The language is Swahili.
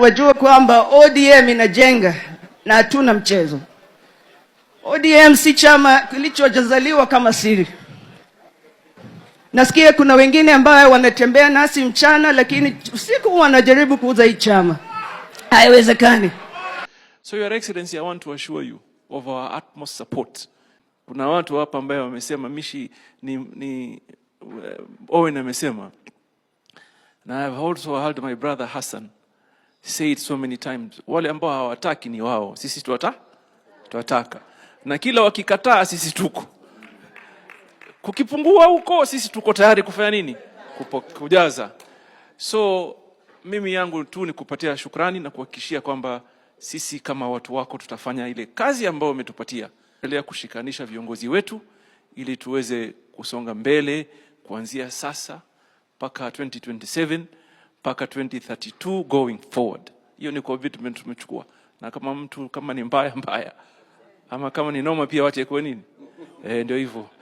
Wajua kwamba ODM inajenga na hatuna mchezo. ODM si chama kilichojazaliwa kama siri. Nasikia kuna wengine ambayo wanatembea nasi mchana, lakini usiku wanajaribu kuuza hii chama. Haiwezekani. So your excellency, I want to assure you of our utmost support. Kuna watu hapa ambayo wamesema mishi ni, ni eh, Owen amesema, na I have also heard my brother Hassan say it so many times. Wale ambao hawataki ni wao, sisi tuwata tuwataka, na kila wakikataa sisi tuko kukipungua huko, sisi tuko tayari kufanya nini? Kupo, kujaza. So mimi yangu tu ni kupatia shukrani na kuhakikishia kwamba sisi kama watu wako tutafanya ile kazi ambayo umetupatia, endelea kushikanisha viongozi wetu ili tuweze kusonga mbele kuanzia sasa mpaka 2027 mpaka 2032 going forward. Hiyo ni commitment tumechukua, na kama mtu kama ni mbaya mbaya ama kama ni noma pia wache kwa nini? Eh, ndio hivyo.